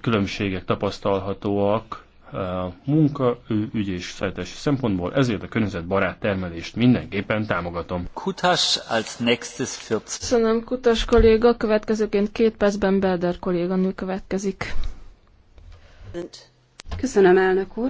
különbségek tapasztalhatóak eh, munka, ügy és szállítási szempontból, ezért a környezetbarát termelést mindenképpen támogatom. Kutas als nächstes für... Köszönöm, Kutas kolléga. Következőként két percben Belder kolléganő következik. Köszönöm, elnök úr.